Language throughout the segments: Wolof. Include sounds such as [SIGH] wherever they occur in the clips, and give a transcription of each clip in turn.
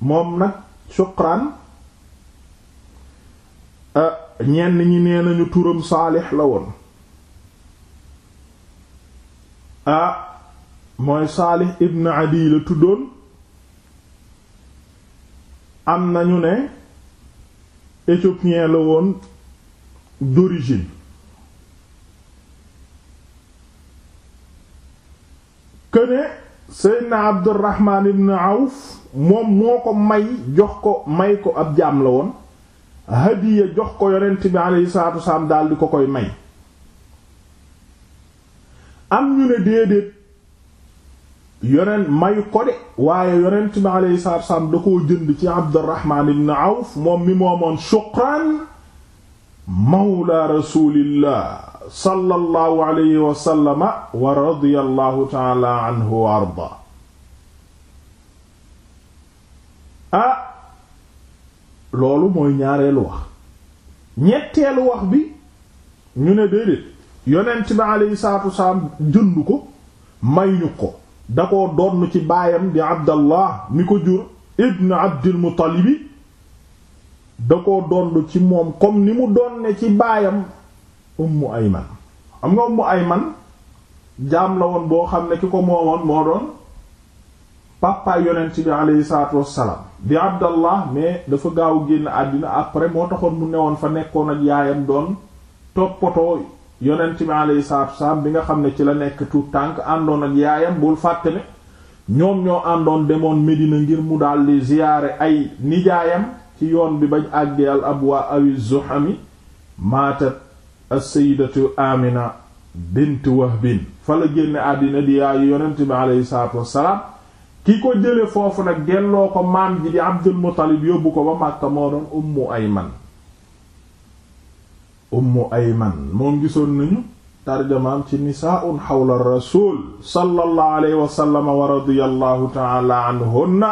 moom nag suqraan euh, ñenn ñi nee nañu turam saalix la woon ah mooy saalix ibn adi la tuddoon am nañu ne éthiopien la woon d'origine que seydna abdurrahman ibn moom moo ko may jox ko may ko ab jaam la woon hadiya jox ko yonent bi aleyhi salatu wasalaam daal ko koy may am ñu ne déedéet yonent mayu ko de waaye yonent bi aleyhi da koo jënd ci abdurrahman ibn auf moom mi moomoon shuqraan mawla rasulillah sallallahu alayhi wa sallama loolu mooy ñaareelu wax ñetteelu wax bi ñu ne déedéet yonent bi alayhi salaatu wasalaam jënd ko may ñu ko da koo doon ci baayam di abdallah mi ko jur ibn abdil da koo doon ci moom comme ni mu doon ci baayam ummu ayman am nga ay man jaam la woon boo xam ne ki ko moomoon moo doon papa yonent bi aleyhi salaatu wassalaam di abdallah mais dafa gaaw génn àddina après moo taxoon mu newoon fa nekkoon ak yaayam doon toppatoo yonent bi aleyhi salaatu wassalaam bi nga xam ne ci la nekk tout tànk àndoon ak yaayam bul fàtte ne ñoom ñoo àndoon demoon Medina ngir mu di ziyaare ay nijaayam ci yoon bi bañ àggee al abwa awi zuhami maatat as-sayyidatu Amina bint Wahbin fa la génne àddina di yaayu yonent bi aleyhi ki ko jële foofu nag delloo ko maam ji di Abdul yóbbu ko ba Màkka moo doon Ummu Ayman Ummu Ayman moom gisoon nañu tarjamaam ci nisaa'un xawla rasuul sallallahu alayhi wa wa radiyallahu ta'ala anhunna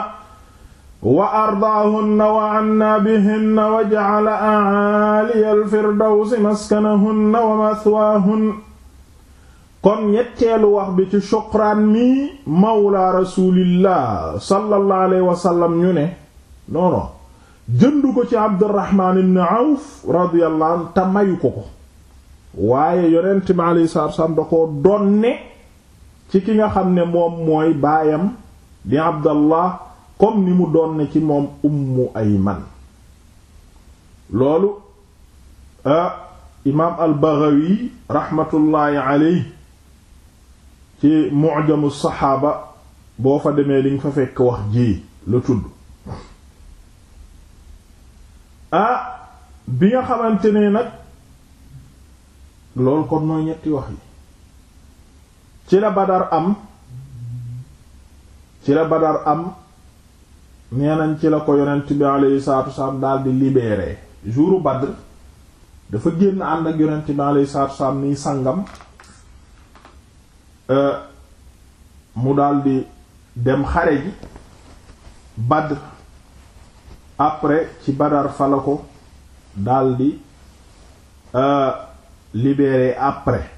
wa ardaahunna wa anna bihinna wa ja'ala a'aliya al-firdawsi maskanahunna wa mathwaahunna kon ñetteelu wax bi ci shukraan mi mawla rasulillah sallallahu alayhi wa sallam ne non jëndu ko ci Abdurrahman ibn Awf radiyallahu anhu te ko ko waaye yonent mi alayhi da ko donne ci ki nga xam ne moom mooy baayam di Abdallah comme ni mu doon ne ci moom ummu man loolu ah imaam al-Baghawi rahmatullahi alayhi ci mu'jamu saxaaba boo fa demee li nga fa fekk wax ji la tudd ah bi nga xamante nag loolu kon mooy ñetti wax yi ci la Badar am ci la Badar am nee ci la ko yonent bi alayhi salaatu wasalaam daal di libéré jouru Badr dafa génn ànd ak yonent bi alayhi salaatu wasalaam ni sangam euh, mu daal di dem xare ji Badr après ci Badar fa la ko daal di euh, libéré après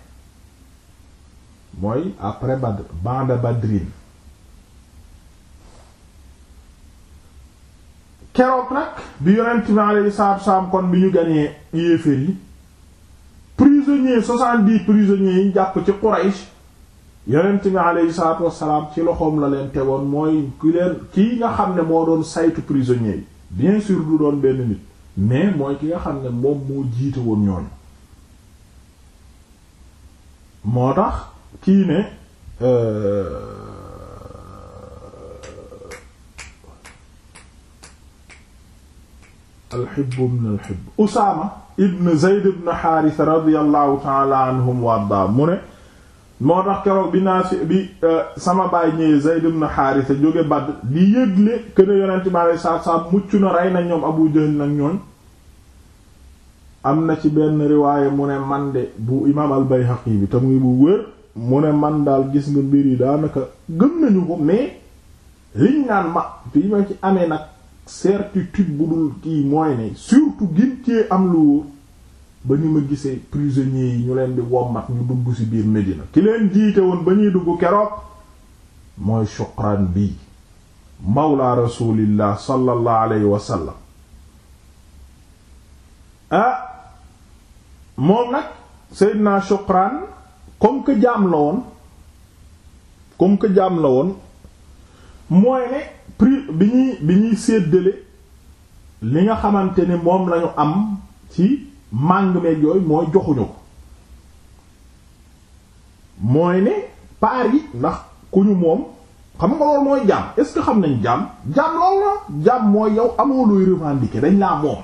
mooy après Badr banda Badrin keroog nag bi yonent bi alayhi salaatu salaam kon bi ñu gañee yéeféer yi prisonniers soixante-dix prisonniers yi jàpp ci Quraysh yonent bi alayhi salaatu wassalaam ci loxoom la leen tegoon mooy ki leen kii nga xam ne moo doon saytu prisonniers yi bien sûr du doon benn nit mais mooy ki nga xam ne moom moo jiite woon ñooñu moo tax kii ne euh, alxib ibn alxib usaama ibn zeyd ibn xaaris radiallahu taala anhum warda mu ne moo tax keroog bi naa bi euh, sama baay ñëwee zeyd ibn xaaris jóge Badr di yëgle kën a yonent bi alei saatu mucc na rey na ñoom abu jahl nag ñooñ am na ci benn riwaaye mu ne man de bu imaam al bayhaqi bi te muy bu wër mu ne man daal gis nga mbir yi daanaka gëm nañu ko mais liñ naan ma fii ma ci amee nag certitude bu dul kii mooy ne surtout gin am lu wóor ba ñu ma gisee prisonniers yi ñu leen di wommat ñu dugg ci biir Médina ki leen jiite woon ba ñuy dugg keroog mooy Shukran bi mawla rasulillah sallallahu alayhi wa sallam ah moom nag Seydina Shukran comme que jaam la woon comme que la woon mooy ne prix bi ñuy bi ñuy séddale li nga xamante ni moom lañu am ci màng meeg yooyu mooy joxuñu ko mooy ne paar yi ndax ku ñu moom xam nga loolu mooy jaam est-ce que xam nañ jaam jaam loolu la jaam mooy yow amoo moom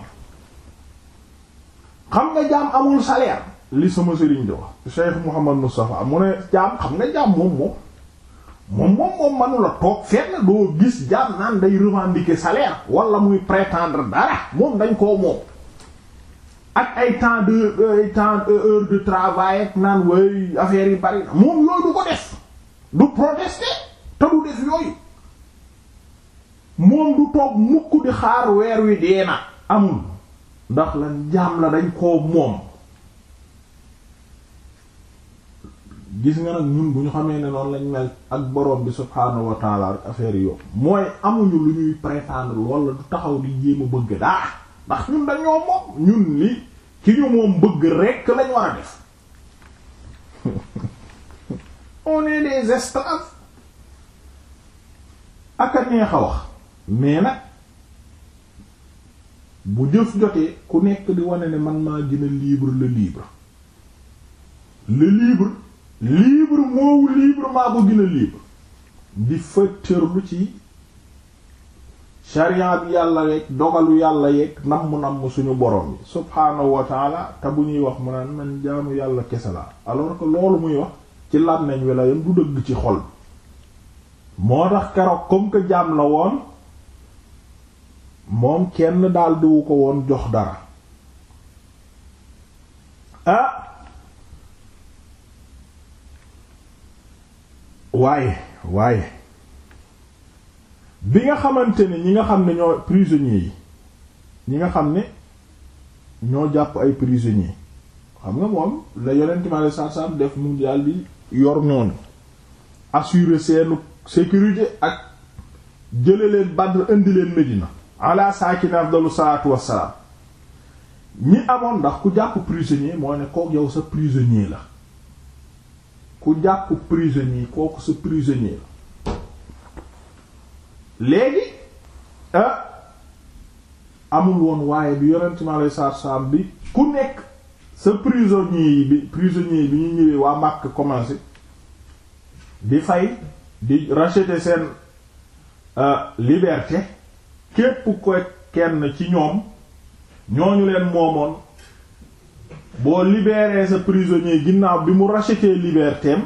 xam nga jaam amul salaire li sama sëriñ di wax Cheikh Mouhamad Moustapha mu ne jaam xam nga jaam moom moom moom moom moom manula toog fenn doo gis jaam naan day revendiquer salaire wala muy prétendre dara moom dañ koo moom ak ay temps de euh, ay temps euh, heure de travail naan way affaire yi bari na moom yooyu du ko def du protester te du def yooyu moom du toog mukk di xaar weer wi dee na amul ndax lan jaam la dañ koo moom gis nga nag ñun bu ñu xamee ne noonu lañ mel ak borom bi subhaanahu wa taala ak affaire yo mooy amuñu lu ñuy prétendre wala du taxaw di jéem a bëgg daa ndax ñun dañoo moom ñun li ki ñu moom bëgg rekk lañ war a def [LAUGHS] on est des esclaves ak a neex wax mais nag bu jëf jotee ku nekk di wane ne man maa gën a libre le libre le libre libre moowu libre maa ko gën a libre di fëttërlu ci sharia yàlla yeeg dogalu yàlla yeeg namm namm suñu borom bi subhaanahu wa te bu ñuy wax mu naan man jaamu yàlla kese la alors que loolu muy wax ci làmmeñ wi la yam du dëgg ci xol bi moo tax keroog comme que jaam la woon moom kenn daldiwu ko woon jox dara ah, waaye waaye bi nga xamante ne ñi nga xam ne ñoo prisonniers yi ñi nga xam ne ñoo jàpp ay prisonniers xam nga moom la yonent ma sarsam def mu daal di yor ñoonu assurer seenu sécurité ak jële leen Badr indi leen Medina ala saakine afdalu salaatu wassalaam ñi amoon ndax ku jàpp prisonnier moo ne kook yow sa prisonnier la ku jàpp prisonnier kooku sa prisonnier la léegi ah amul woon waaye bi yonent mi alayhi salaatu salaam bi ku nekk sa prisonnier yi bi prisonnier bi ñu ñëwee waa Makka commencé di fay di racheter seen ah, liberté képp ko kenn ci ñoom ñooñu leen moomoon boo libéré sa prisonnier ginnaaw bi mu racheté libertéem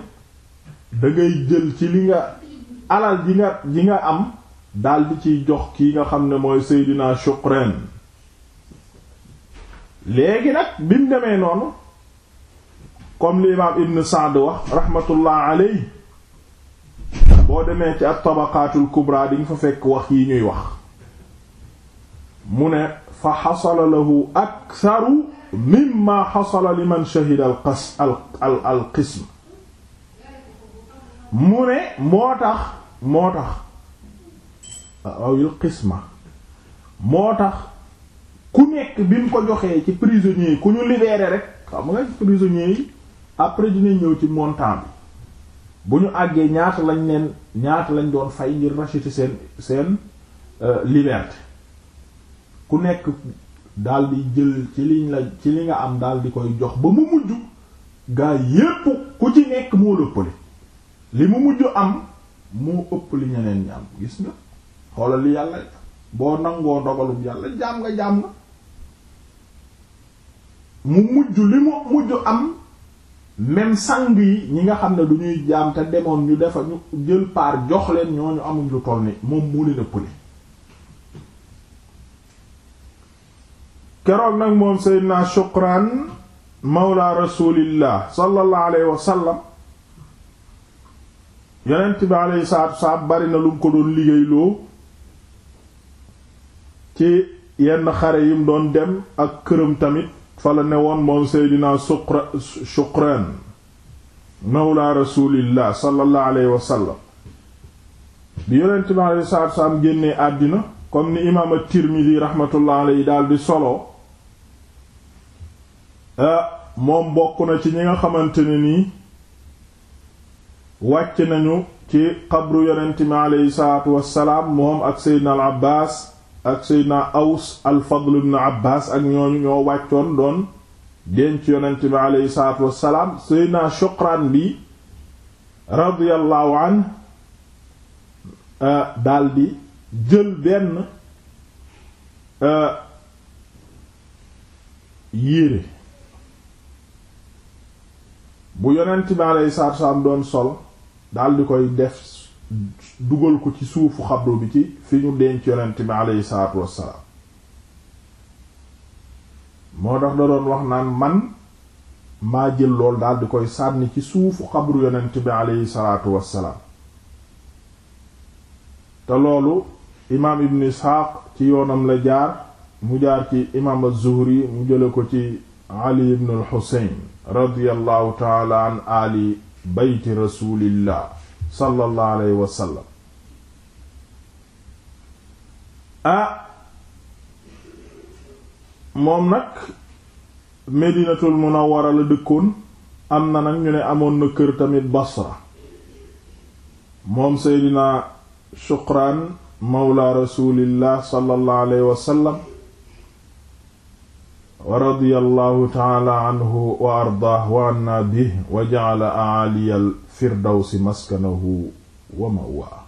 da jël ci li nga alal ji nga ji nga am daldi ciy jox kii nga xam ne mooy Seydina Shukran léegi nag bi mu demee noonu comme li imaam Ibn wax rahmatullah aley boo demee ci at-Tabaqaatul Kubra di nga fa fekk wax yi ñuy wax mu ne fa xasala ak aktharu mimma xasala liman shahida al qas al mu ne moo tax moo tax awil qisma moo tax ku nekk bi mu ko joxee ci prisonniers yi ku ñu libéré rek xam nga prisonniers yi après dina ñëw ci montan bi bu ñu àggee ñaata lañ leen ñaata lañ doon fay ngir racheter seen seen euh, liberté ku nekk daal di jël ci liñ la ci li nga am daal di koy jox ba mu mujj gaa yépp ku ci nekk moo lëppale li mu mujj am moo ëpp li ñeneen ñi am gis nga xoolal li yàlla boo nangoo dogalum yàlla jaam nga jaam nga mu mujj li mu mujj am même sang yi ñi nga xam ne du ñuy jaam te demoon ñu defa ñu jël paar jox leen ñooñu amuñ lu toll ni moom moo leen ëppale keroog nag moom seydinaa Shukran mawla rasulillah sallallahu alayhi wa sallam yonent bi alayhi salaatu wasalaam bari na lu mu ko doon liggéeyloo ci yenn xare yim doon dem ak këram tamit fa la ne woon moom seydina suqra Shukran mawla rasulillah sallallahu alayhi wa sallam bi yonent bi salaatu wasalaam génnee àddina comme ni imaam at-Tirmidhi rahmatullah alayhi daal di solo Ah, moom bokk na ci ñi nga xamante nii wàcc nañu ci xabru yonent mi aleyhi salaatu wassalaam moom ak seydna al abbas ak seydna aws al fadl ibn abbas ak ñooñu ñoo wàccoon doon denc yonent mi aleyhi salaatu wassalaam seydna shuqraan bi radiyallahu an ah, daldi jël benn ah, yéere bu yonent bi alayhi salaatu salaam doon sol daal di koy def dugal ko ci suufu xabru bi ci fi ñu denc yonent bi alayhi salaatu wassalaam moo tax da doon wax naan man maa jël lool daal koy sànni ci suufu xabru yonent bi alayhi salaatu wassalaam te loolu imaam ibn Isxaaq ci yoonam la jaar mu jaar ci imaam az-Zuhri mu jële ko ci ali ibn alxusain radiallahu taala an ali beyti rasulillah sallallahu alayhi wa sallam ah moom nag medinatul munawwara la dëkkoon am na nag ñu ne amoon na kër tamit basra moom seydina shuqraan mawla rasulillah sallallahu alayhi wa sallam wa radiyallahu taala anhu wa ardaah wa anna bih wa ja'ala a'aliya al firdawsi maskanahu wa ma'waa